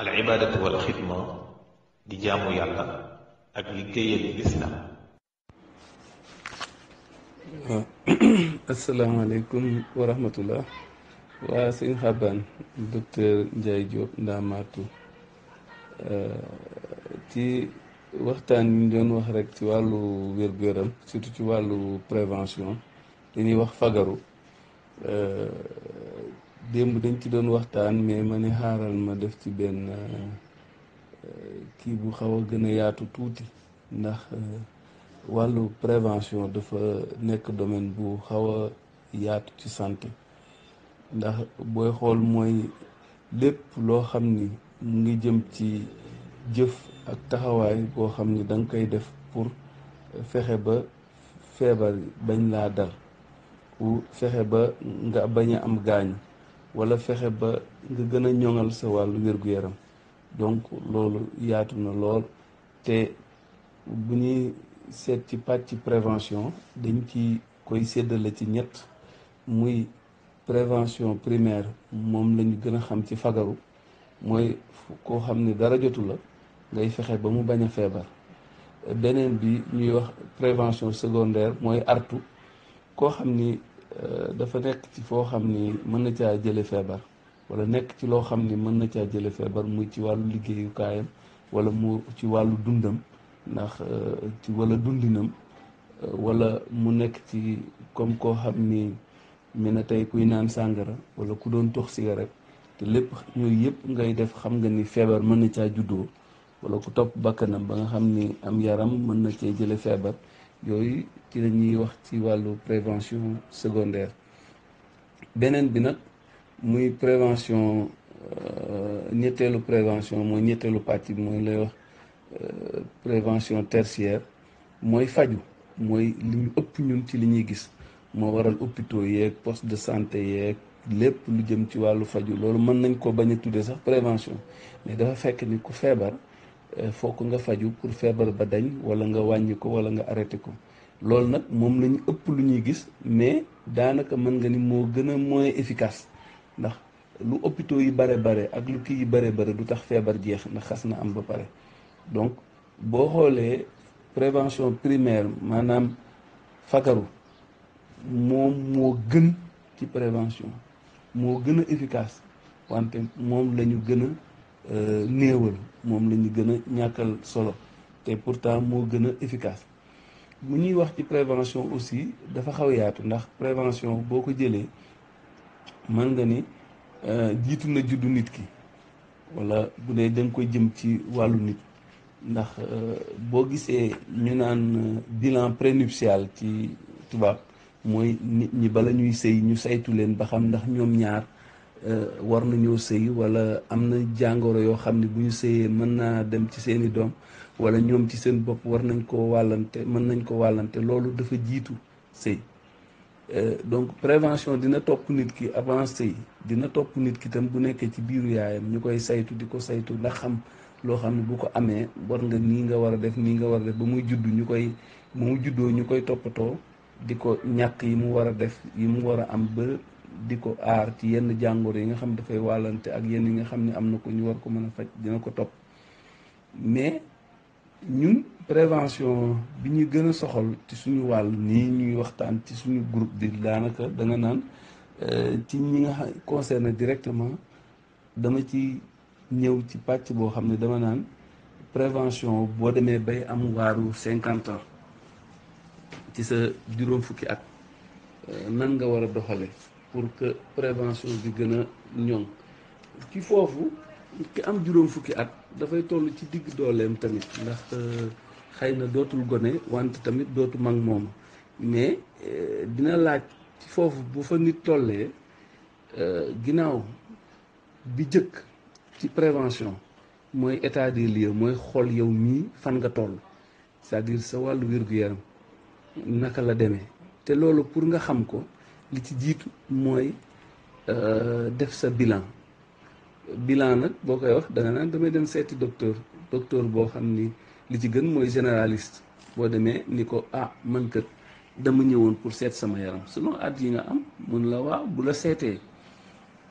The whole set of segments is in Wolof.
al ibaadatu wal yàlla ak liggéeyal lislaam waaw waa sëñ xaban docteur Ndiaye Diop Ndaamaatu euh, ci waxtaan yi doon wax rek ci wàllu wér-gu-yaram surtout ci wàllu prévention li wax fagaru euh, démb dañ ci doon waxtaan mais ma ne xaaral ma def ci benn euh, kii bu xaw a gën a yaatu tuuti ndax euh, wàllu prévention dafa nekk domaine bu xaw a yaatu ci santé ndax booy xool mooy lépp loo xam ni mu ngi jëm ci jëf ak taxawaay boo xam ni danga koy def pour fexe ba feebar bañ laa dal pour fexe ba nga bañ a am gaañu wala fexe ba nga gën a ñoŋal sa wàllu wér-gu-yaram donc loolu yaatu na lool te bu ñuy seet ci pàcc prévention dañ ci koy séddale ci ñett muy prévention primaire moom la ñu gën a xam ci fagaru mooy koo xam ni dara jotu la ngay fexe ba mu bañ a feebar beneen bi ñuy wax prévention secondaire mooy artu koo xam ni Euh, dafa nekk ci foo xam ni mën na caa jële feebar wala nekk ci loo xam ni mën na caa jële feebar muy ci wàllu liggéeyukaayam wala mu ci wàllu dundam ndax euh, ci walla dundinam euh, wala mu nekk ci comme koo xam ni mi na tey kuy naan sàngara wala ku doon tox rek te lépp yooyu yëpp ngay def xam nga ni feebar mën na caa juddoo wala ku topp bakkanam ba nga xam ni am yaram mën na cee jële feebar yooyu ci la ñuy wax ci wàllu prévention secondaire beneen bi nag muy prévention euh, ñetteelu prévention mooy ñetteelu pàcc bi mooy lay wax euh, prévention tertiaire mooy faju mooy li ñu ëpp ñun ci li ñuy gis moo waral hôpitaux yeeg poste de santé yeeg lépp lu jëm ci wàllu faju loolu mën nañ ko bañ a tuddee sax prévention mais dafa fekk ni ku feebar euh, fokk nga faju pour feebar ba dañ wala nga wàññi ko wala nga arrêté ko loolu nag moom la ñu ëpp lu ñuy gis mais daanaka mën nga ni moo gën a moins efficace ndax lu hôpitaux yi bare bare ak lu kii yi bare bare du tax feebar jeex ndax xas na am ba pare donc boo xoolee prévention primaire maanaam fagaru moom moo gën ci prévention moo gën a efficace wante moom la ñu gën a euh, néewal moom la ñu gën a ñàkkal solo te pourtant moo gën a efficace mu ñuy wax ci prévention aussi dafa xaw yaatu ndax prévention boo ko jëlee mën nga ni euh, jiitu na juddu nit ki walla bu dee da nga koy jëm ci wàllu nit ndax euh, boo gisee ñu naan euh, bilan prénuptial ci tubaab mooy nit ñi bala ñuy sëy ñu saytu leen ba xam ndax ñoom ñaar war nañoo sëy walla am na jàngoro yoo xam ne bu ñu sëyee mën naa dem ci seeni doom wala ñoom ci seen bopp war nañ koo wàllante mën nañ koo wàllante loolu dafa jiitu sëy euh, donc prévention dina topp nit ki avant sëy dina topp nit ki tam bu nekkee ci biiru yaayam ñu koy saytu di ko saytu ndax xam loo xam ne bu ko amee war nga nii nga war a def nii nga war a def ba muy judd ñu koy ba mu juddoo ñu koy toppatoo di ko ñàkk yi mu war a def yi mu war a am bë di ko aar ci yenn jàngoor yi nga xam dafay wàllante ak yenn yi nga xam ne am na ko ñu war ko mën a faj dina ko topp ñun prévention bi ñu gën a soxal ci suñu wàll nii ñuy waxtaan ci suñu groupe bi daanaka da nga naan euh, ci ñi nga concerné directement dama ci ñëw ci pàcc boo xam ne dama naan prévention boo demee bay am waaru cinquante ans ci sa juróom fukki at euh, nan nga war a doxale pour que prévention bi gën a ñoŋ ci foofu ki am juróom fukki at dafay toll ci digg dooleem tamit ndax euh, xëy na dootul gone wante tamit dootu mag moom mais euh, dina laaj ci foofu bu fa nit tollee euh, ginnaaw bi jëkk ci prévention mooy état des lieux mooy xool yow mii fan nga toll sa à sa wàllu wér-gu-yaram naka la demee te loolu pour nga xam ko li ci jiitu mooy def sa bilan bilan nag boo koy wax da nga naan damay dem seeti docteur docteur boo xam ni li ci gën mooy généralist boo demee ni ko ah man kat dama ñëwoon pour seet sama yaram sinon at yi nga am mun la waaw bu la seetee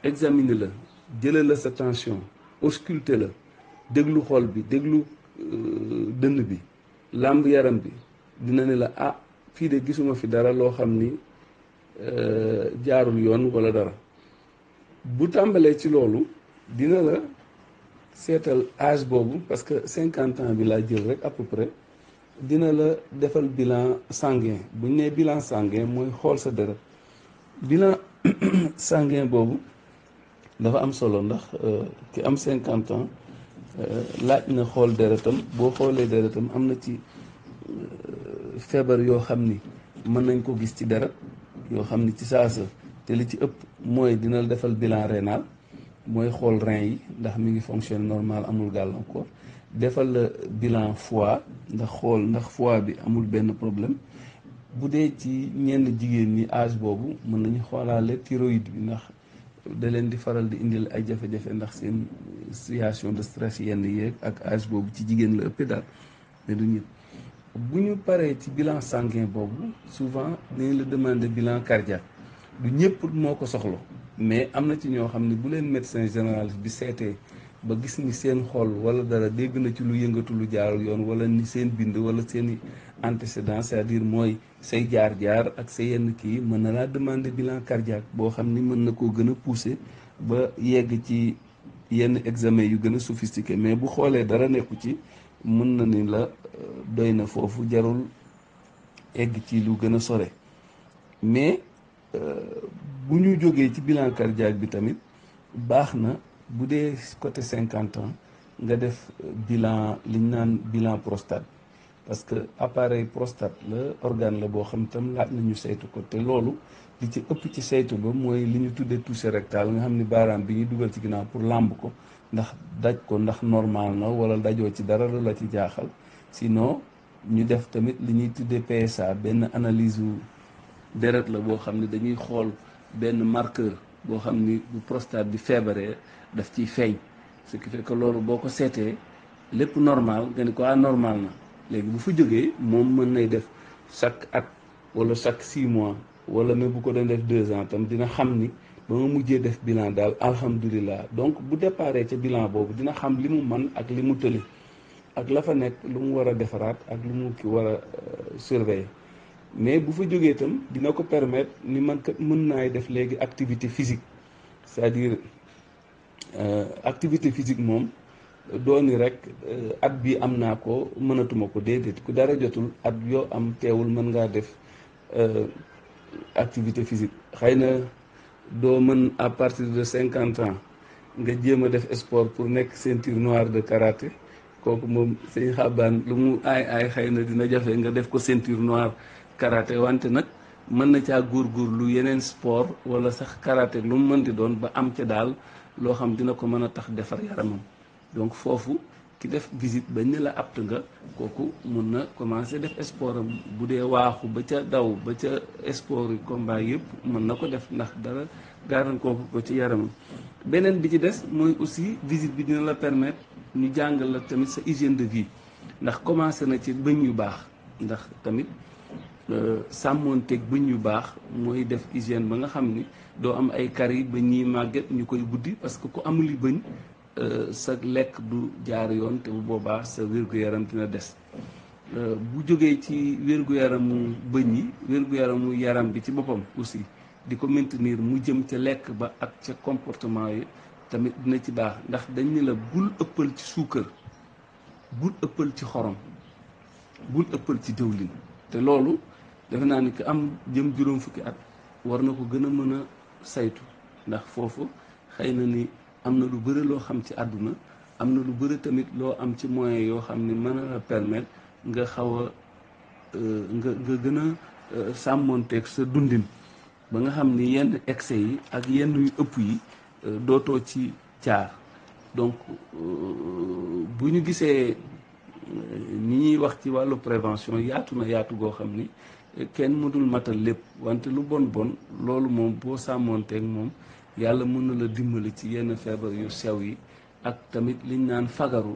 examiner la jëlee la sa tension ausculter la déglu xol bi déglu euh, dënn bi làmb yaram bi dina ne la ah fii de gisuma fi dara loo xam ni euh, jaarul yoon walla dara bu tàmbalee ci loolu dina la seetal âge boobu parce que cinquante ans bi laa jël rek à peu près dina la defal bilan sanguin bu ñu nee bilan sanguin mooy xool sa deret bilan sanguin boobu dafa am solo ndax euh, ki am cinquante ans euh, laaj na xool deretam boo xoolee deretam am na ci euh, feebar yoo xam ni mën nañ ko gis ci deret yoo xam ni ci saasa te li ci ëpp mooy dina la defal bilan rénal mooy xool rein yi ndax mi ngi fonctionne normal amul gàllankoor defal la bilan foie ndax xool ndax foie bi amul benn problème bu dee ci ñenn jigéen ñi âge boobu mën nañu xoolaale thyroïde bi ndax da leen di faral di indil ay jafe-jafe ndax seen situation de stress yenn yeeg ak âge boobu ci jigéen la ëppee daal mais du ñëpp bu ñu paree ci bilan sanguin boobu souvent dañu la demander bilan cardiaque du ñëpp moo ko soxla mais am na ci ñoo xam ne bu leen médecin généraliste bi seetee ba gis ni seen xol wala dara dégg na ci lu yëngatu lu jaarul yoon wala ni seen bind wala seen antécédent c'est-à-dire mooy say jaar-jaar ak sa yenn kii mën na laa demander bilan cardiaque boo xam ni mën na koo gën a pousser ba yegg ci yenn examen yu gën a sophistiqué mais bu xoolee dara nekku ci mën na ni la euh, doy na foofu jarul egg ci lu gën a sore mais bu ñu jógee ci bilan cardiaque bi tamit baax na bu dee côté cinquante ans nga def bilan li ñu naan bilan prostate parce que appareil prostate la organe la boo xam tam laaj na ñu saytu ko te loolu li ci ëpp ci saytu ba mooy li ñu tuddee toucher rectal nga xam ni baaraam bi ñuy dugal ci ginnaaw pour làmb ko ndax daj ko ndax normal na wala dajoo ci dara la ci jaaxal sinon ñu def tamit li ñuy tuddee PSA benn analyse deret la boo xam ni dañuy xool benn marqueur boo xam ni bu prostate bi feebaree daf ciy feeñ ce qui fait que loolu boo ko seetee lépp normal nga ni ko ah normal na léegi bu fa jógee moom mën nay def chaque at wala chaque six mois wala même bu ko doon def deux ans tam dina xam ni ba ma mujjee def bilan daal alhamdulilah donc bu déparee ca bilan boobu dina xam li mu man ak li mu tëli ak la fa nekk lu mu war a defaraat ak lu mu ki war a euh, surveiller mais bu fa jógee itam dina ko permettre ni man kat mën naay def léegi activité physique c'est-à-dire euh, activité physique moom dooni rek euh, at bi am naa ko mënatuma ko déedéet ku dara jotul at yoo am teewul mën ngaa def euh, activité physique xëy na doo mën à partir de cinquante ans nga jéem a def sport pour nekk ceinture noire de karaté kooku moom sëñ xabaan lu mu aay aay xëy na dina jafe nga def ko ceinture noire karaté wante nag mën na caa lu yeneen sport wala sax karaate lu mu mën di doon ba am ca daal loo xam dina ko mën a tax defar yaramam donc foofu ki def visite bañ ne la apt nga kooku mun na commencé def sport bu dee waaxu ba ca daw ba ca sport yi combat yëpp mën na ko def ndax dara gaaran kooku ko ci yaramam beneen bi ci des mooy aussi visite bi dina la permettre ñu jàngal la tamit sa hygiène de vie ndax commencé na ci bëñ yu baax ndax tamit euh, sàmmoonteeg bëñ yu baax mooy def hygiène ba nga xam ni doo am ay caries ba ñiy màgget ñu koy buddi parce que ku amul bëñ euh, sa lekk du jaar yoon te bu boobaa sa wér-gu-yaram dina des euh, bu jógee ci wér-gu-yaramu bëñ yi wér-gu-yaramu yaram bi ci boppam aussi di ko maintenir mu jëm ca lekk ba ak ca comportement yi tamit dina ci baax ndax dañ la bul ëppal ci suukar bul ëppal ci xorom bul ëppal ci dëwlin te loolu defe naa ni que am jëm juróom fukki at war na ko gën a mën a saytu ndax foofu xëy na ni am na lu bëri loo xam ci àdduna am na lu bëri tamit loo am ci moyen yoo xam ni mën a permettre nga xaw a euh, nga nga gën a euh, sàmmonteeg sa dundin ba nga xam ni yenn excès yi ak yenn yu ëpp yi euh, dootoo ci caar donc bu ñu gisee ni ñuy wax ci wàllu prévention yaatu na yaatu goo xam ni kenn mënul matal lépp wante lu bon bon loolu moom boo sàmmoon sàmmoonteeg moom yàlla mun na la dimbali ci yenn feebar yu sew yi ak tamit liñ naan fagaru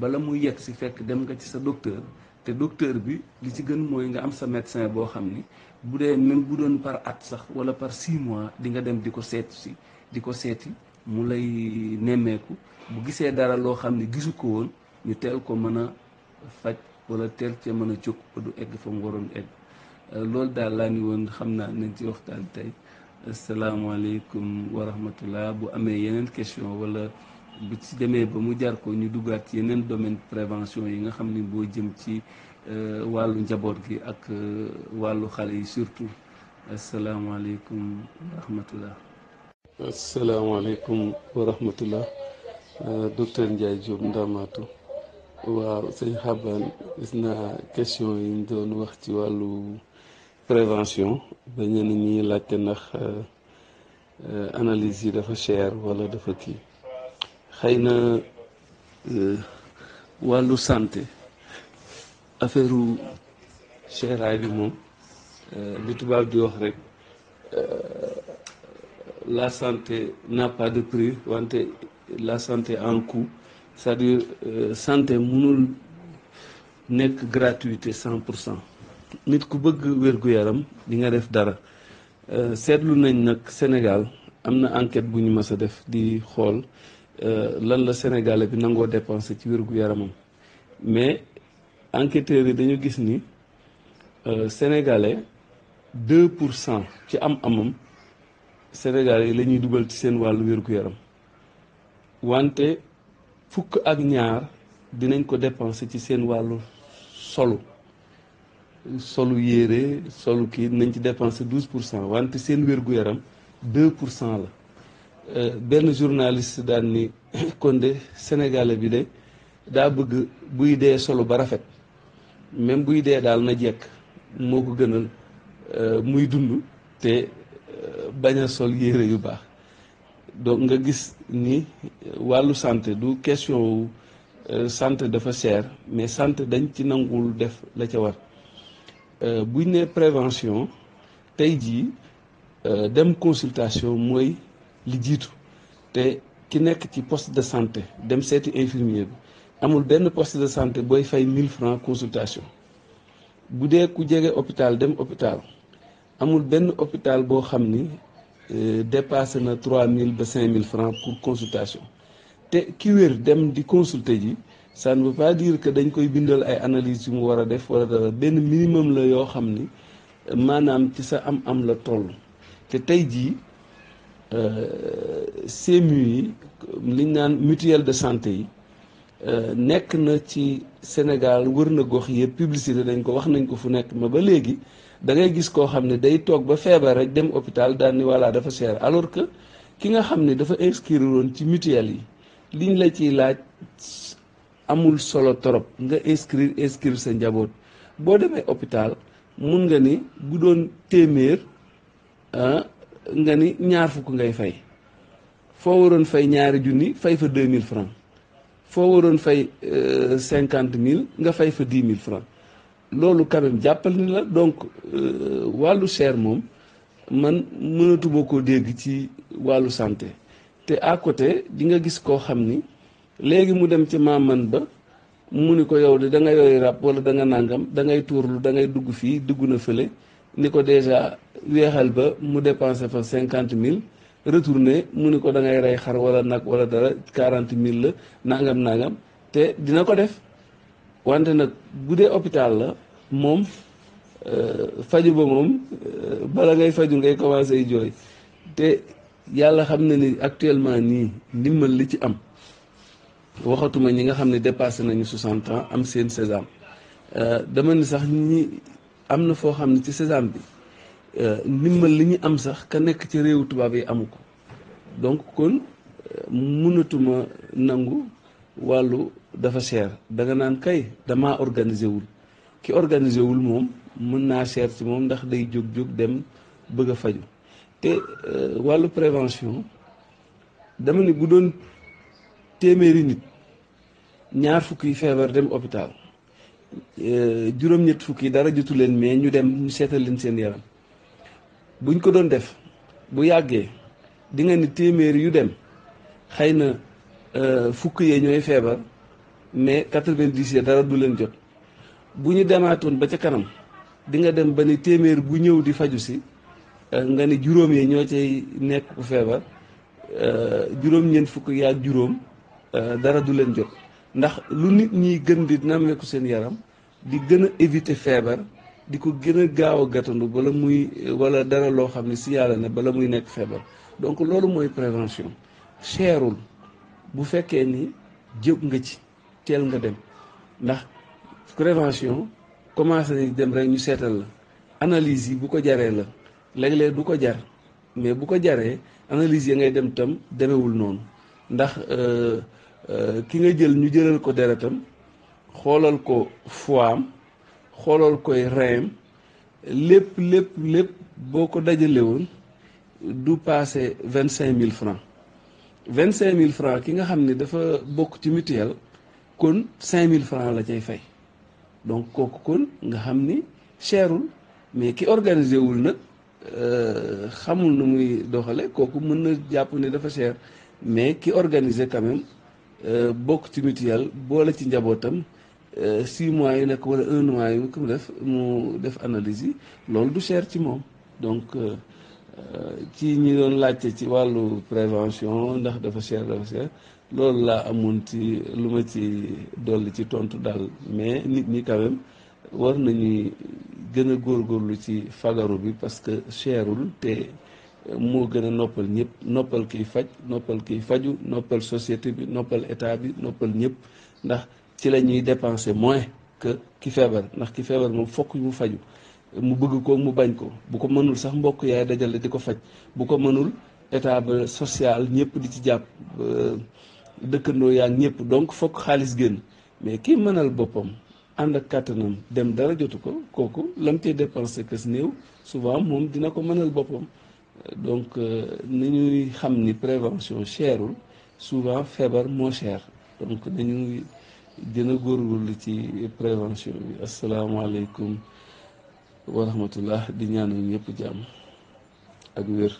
bala muy yegg si fekk dem nga ci sa docteur te docteur bi li ci gën mooy nga am sa médecin boo xam ni bu dee même bu doon par at sax wala par six mois di nga dem di ko seet si di ko seeti mu lay nemmeeku bu gisee dara loo xam ne gisu ko woon ñu teel ko mën a faj wala teel cee mën a jóg ba du egg fa mu waroon egg euh, loolu daal laa ni woon xam naa nañ ci waxtaan tey asalaamaaleykum wa rahmatullah bu amee yeneen question wala bi ci demee ba mu jar ko ñu duggaat ci yeneen domaine prévention yi nga xam ni boo jëm ci euh, wàllu njaboot gi ak euh, wàllu xale yi surtout asalaamaaleykum wa rahmatullah asalaamaaleykum wa rahmatullah docteur Ndiaye Diop Ndamatou waaw sëñ Xabane gis na question yi ñu doon wax ci wàllu prévention ba ñenn ñi laajte ndax euh, analyse yi dafa cher wala dafa kii xëy na euh, wàllu santé affaire cheraay bi moom euh, li tubaab di wax rek la santé n'a pas de prix wante la santé en coût cest à euh, santé mënul nekk gratuité cent pour cent nit ku bëgg wér-gu-yaram di nga def dara euh, seetlu nañ nag Sénégal am na enquête bu ñu mës a def di xool euh, lan la Sénégalais bi nangoo dépensé ci wér-gu-yaramam mais enquêteurs yi dañu gis ni Sénégalais deux pour cent ci am-amam Sénégalais yi lañuy dugal ci seen wàllu wér-gu-yaram wante. fukk ak ñaar dinañ ko dépenser ci seen wàllu solu solu yére solu kii nañ ci dépenser douze pour cent wante seen wér-gu-yaram deux pour cent la euh, benn journaliste daan ni kon de sénégalais bi de daa bëgg buy dee solo ba rafet même buy dee daal na jekk moo ko gënal euh, muy dund te euh, bañ a sol yére yu baax donc nga gis ni wàllu santé du question wu euh, santé dafa seer mais santé dañ ci nanguwul def la ca war euh, buy ne prévention tey jii euh, dem consultation mooy li jiitu te ki nekk ci poste de santé dem seeti infirmier bi amul benn post de santé booy fay 1000 francs consultation bu dee ku jege hôpital dem hôpital amul benn hôpital boo xam ni Euh, dépassé na trois mille ba cinq mille francs pour consultation te ki wér dem di consulter ji san ne veut pas dire que dañ koy bindal ay analyse yu mu war a def wala dara benn minimum la yoo xam ni maanaam ci sa am-am la toll te tey jii euh, CMU yi liñ naan mutuelle de santé yi euh, nekk na ci Sénégal wër na gox yëpp publicité dañ ko wax nañ ko fu nekk ma ba léegi da ngay gis koo xam ne day toog ba feebar ak dem hôpital daal ni voilà dafa seer alors que ki nga xam ne dafa inscrire woon ci mutuelle yi liñ la ciy laaj amul solo torop nga inscrire inscrire sa njaboot boo demee hôpital mun nga ni bu doon téeméer ah, nga ni ñaar fukk ngay fay foo waroon fay ñaari junni fay fa deux mille francs foo waroon fay euh, cinquante mille nga fay fa dix mille francs loolu quand même jàppal ni la donc euh, wàllu cher moom man mënatuma koo dégg ci wàllu santé te à côté di nga gis koo xam ni léegi mu dem ci maaman ba mu ni ko yow de da nga yooyu rab wala danga nga nàngam da ngay tuurlu da ngay dugg fii dugg na fële ni ko déjà weexal ba mu dépensé fa cinquante mille retourné mu ni ko da ngay rey xar wala nag wala dara quarante mille la nangam nangam te dina ko def wante nag bu dee hôpital la moom euh, faju ba moom euh, bala ngay faju ngay commencé jooy te yàlla xam na ni actuellement nii ndimbal li ci am waxatuma ñi nga xam ne dépassé nañu 60 ans am seen sésame euh, dama ni sax ñi am na foo xam ne ci sésame bi ndimbal li ñu am sax ka nekk ci réewu tubaab yi amu ko donc kon mënatuma nangu wàllu dafa seer da nga naan kay dama organisé wul ki organisé wul moom mën naa seer ci moom ndax day jóg-jóg dem bëgg a faju te euh, wàllu prévention dama ne bu doon téeméeri nit ñaar fukk yi feebar dem hôpital euh, juróom-ñett fukk yi dara jotu leen mais ñu dem ñu seetal leen seen yaram buñ ko doon def bu yàggee dinga nga ni téeméeri yu dem xëy na euh, fukk yee ñooy feebar mais quatre vingt dara du leen jot bu ñu demaatoon ba ca kanam di nga dem ba ni téeméer bu ñëw di faju si euh, nga ni juróom yi ñoo cay nekk ku feebar euh, juróom-ñeent fukk yaag juróom euh, dara du leen jot ndax lu nit ñi gën di nammeeku seen yaram di gën a éviter feebar di ko gën a gaaw a bala muy wala dara loo xam ne si yàlla na bala muy nekk feebar donc loolu mooy prévention cherul bu fekkee ni jóg nga ci teel nga dem ndax prévention commencé nañ dem rek ñu seetal la analyse yi bu ko jaree la léeg-léeg du ko jar mais bu ko jaree analyse yi ngay dem tam demewul noonu ndax euh, euh, ki nga jël ñu jëlal ko deretam xoolal ko foam xoolal koy reyam lépp lépp lépp boo ko dajale du passé vingt cinq mille francs vingt cinq mille francs ki nga xam ne dafa bokk ci mutuelle kon cinq mille francs la cay fay donc kooku kon nga xam ni seerul mais ki organisé wul nag euh, xamul nu muy doxale kooku mën na jàpp ne dafa seer mais ki organisé quand même euh, bokk ci mutuelle boole ci njabootam 6 euh, mois yu nekk wala 1 mois yu ko mu def mu def analyse yi loolu du seer ci moom donc. ci ñi doon laajte ci wàllu prévention ndax dafa cher dafa cher loolu laa amoon ci lu ma ci dolli ci tontu daal mais nit ñi quand war nañuy gën a góorlu ci fagaru bi parce que cherul te moo gën a noppal ñëpp noppal kiy faj noppal kiy faju noppal société bi noppal état bi noppal ñëpp ndax ci la ñuy dépenser moins que ki feebar ndax ki feebar moom fokk mu faju mu bëgg ko mu bañ ko bu ko mënul sax mbokk yaay dajale di ko faj bu ko mënul état ba social ñëpp di ci jàpp dëkkandoo yaa ñëpp donc fokk xaalis génn mais ki mënal boppam ànd ak kàttanam dem dara jotu ko kooku lam cay dépensé kës néew souvent moom dina ko mënal boppam donc euh, ni ñuy xam ni prévention cherul souvent feebar moo cher donc nañu dina a góorgóorlu ci prévention bi asalaamaaleykum wa rahmatullah di ñaanal ñëpp jàmm ak wér